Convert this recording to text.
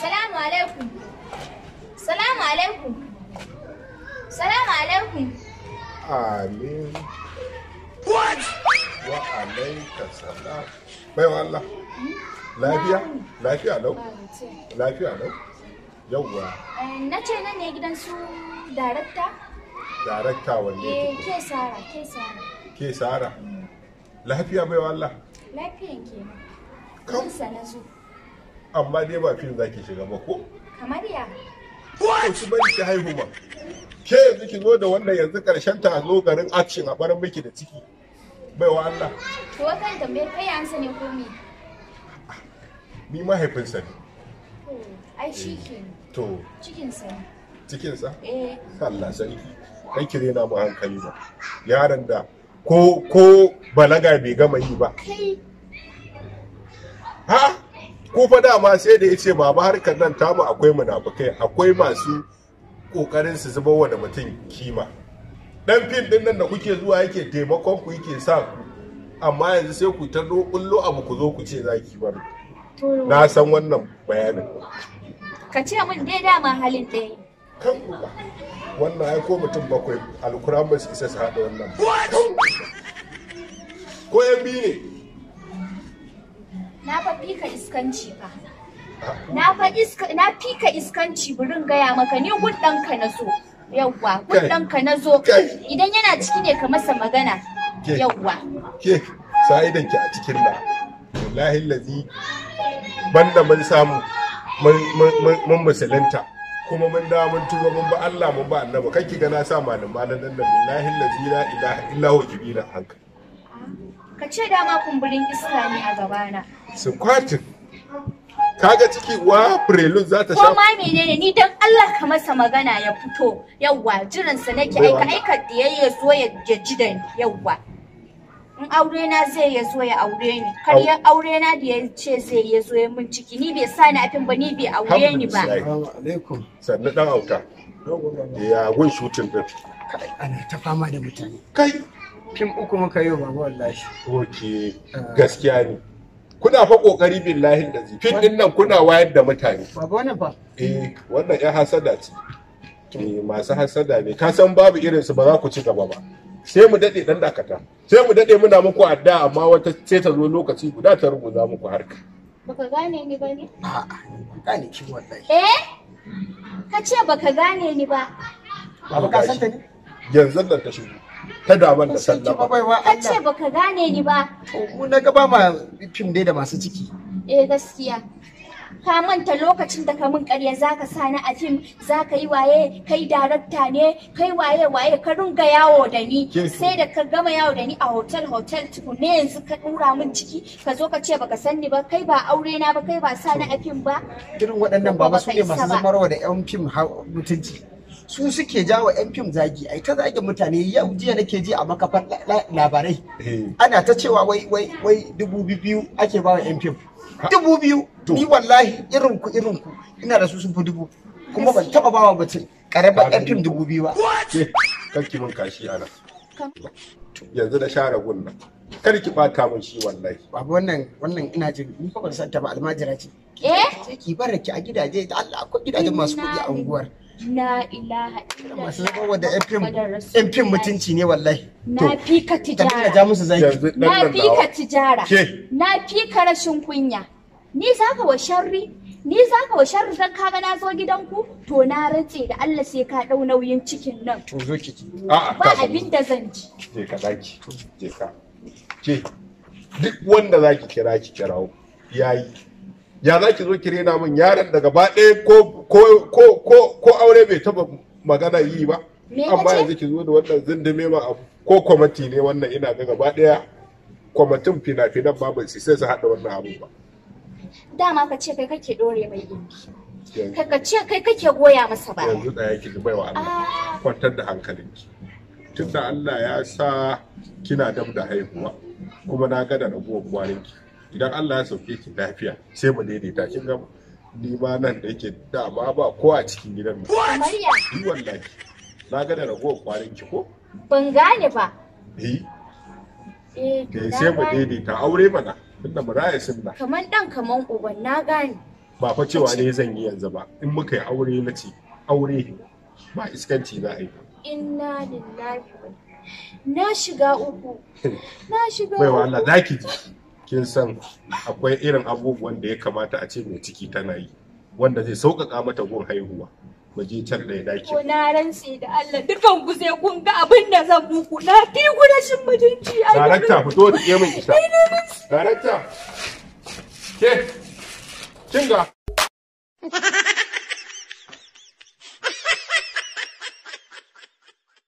Salamu alaikum. Salamu alaikum. Salamu alaikum. Amin. What? Wa alaika salam. Baiwa Allah. Lafiya? Lafiya lau? Lafiya lau? Yawwa. Eh, na ce nan ne gidan su darakta? Darakta wanne? Eh, ke Sara, ke Sara. Ke Sara? Mm. Lafiya baiwa Allah? Lafiyan ke. Kansa na zo. amma dai ba fim zaki shiga ba ko kamar ya ko ki bari ki haihu ba ke yanzu ki zo da wannan yanzu karshen ta zo garin action a barin miki da ciki baiwa Allah to kan tambayar kai amsa ne ko me ni mahaifinsa ne ai shi eh, ke to cikinsa cikinsa eh Allah sani. kai ki rena mu hankali ba yaron da ko ko balaga bai gama yi ba ha ko fa dama sai da ya ce baba harkar nan tamu akwai munafukai akwai masu kokarin su zuba wa da mutum kima dan fim din nan da kuke zuwa yake taimakon ku yake sa amma yanzu sai ku ta kullo abu ku zo ku ce zaki bar na san wannan bayanin ka ce min dai dama halin ɗaya wannan ai ko mutum bakwai alkuran ba su isa su haɗa wannan ko yan biyu ne na fa fika iskanci fa na fa iska na fika iskanci burin gaya maka ni guddanka na zo yawwa guddanka na zo idan yana ciki ne ka masa magana yawwa ke idan ki a cikin da wallahi lazi banda mun samu mun musulunta kuma mun da mun tuba mun ba Allah mun ba annabi kan ki gana sa malam malam nan billahi lazi la ilaha illa huwa kibira hankali ka ce dama kumburin iska ne a gabana Squatting. Kaga ciki wa prelude za ta sha. Ko mai menene ni dan Allah ka masa magana ya fito. Yawwa jiran sa nake aika aika da ya so ya ji da Yawwa. In aure na zai ya zo ya aure ni. Kar ya aure na da ya ce zai ya zo ya mun ciki. Ni bai sa ni afin ba ni bai aure ni ba. Alaikum. Sannu dan auta. Ya gun shooting din. Ana ta fama da mutane. Kai. Fim uku muka yi wa wallahi. Okay. Ah. Gaskiya ne. kuna fa kokari billahi da zai fin din nan kuna wayar da mutane baba wannan ba. eh wannan ya hasada ce eh masu hasada ne ka san babu irin su ba za ku ci gaba ba sai mu dade dan dakata sai mu dade muna muku adda amma wata sai ta zo lokaci guda ta rubuta muku harka baka gane ni ba ne a'a gane ki wallahi eh ka ce baka gane ni ba baba ka san ta ne yanzu nan ta shigo ta daban da sallama ka ce baka gane ni ba ku na ga ba ma fim dai da masu ciki eh gaskiya ka manta lokacin da ka mun ƙarya zaka sa ni a fim zaka yi waye kai darakta ne kai waye waye ka ringa yawo da ni sai da ka gama yawo da ni a hotel hotel tukune yanzu ka dura min ciki ka zo ka ce baka san ni ba kai ba aure na ba kai ba sa ni a fim ba irin waɗannan ba su ne masu zamarwa da yan fim mutunci su suke jawo yan fim zagi ai ta zagin mutane yau jiya nake ji a makafar labarai eh. ana ta cewa wai wai wai dubu biyu ake bawa yan fim dubu biyu ni wallahi irin ku irin ku ina da su sun fi dubu kuma ban taba bawa mutum karamar yan fim dubu biyu ba eh, kanki mun kashi ana yanzu da share gunna kar ki bata mun shi wallahi babu wannan wannan ina jin ni fa ban san ta ba almajira ce eh ki barra ki a gidaje da Allah akwai gidajen masu kuɗi a unguwar La ilaha illallah. Masu zama wanda yan fim mutunci ne wallahi. Na fi ka tijara. Ka musu zaki. Na fi ka tijara. Na fi ka rashin kunya. Ni za ka wa sharri. Ni za ka wa sharri don kaga na zo gidanku to na rantse da Allah sai ka ɗau nauyin cikin nan. To zo ki. Ba abin da zan ji. Je ka zaki. Je ka. Ke. Duk wanda za ki kira ki kirawo. Yayi. ya za ki zo ki rena min yaron da gaba ɗaya ko aure bai taba magana yi ba amma yanzu ki zo da wannan zindume ma abu ko kwamati ne wannan ina ga gaba ɗaya kwamatin fina-finan ma bai sai su haɗa wannan abu ba dama ka ce kai kake ɗore mai gindi ka ce kai kake goya masa ba yanzu ɗaya ki bai wa Allah ah. kwantar da hankalinki tunda Allah ya sa kina dab da haihuwa kuma na ga da ragowar kwarinki idan Allah ya sauke ki lafiya sai mu daidaita kin gama ni ma nan da yake dama ba ko a cikin gidan mu ni wallahi na ga da rago kwarin ki ko ban gane ba eh eh, eh sai mu daidaita aure mana tunda mu raya sunna kaman dan kaman uban na gane ba fa cewa ne zan yi yanzu ba in muka yi aure na ce aure ba iskanci za a yi inna lillahi na shiga uku na shiga uku baiwa Allah zaki ji kin san akwai irin abubuwan da ya kamata a ce mai ciki tana yi wanda zai sauƙaƙa mata gun haihuwa mu je da ɗaya daki. Ko na rantsi da Allah dukan ku sai kun ga abin da zan muku na fi ku rashin mutunci. Darakta fito da ke min isa. Darakta. Ke. Kinga.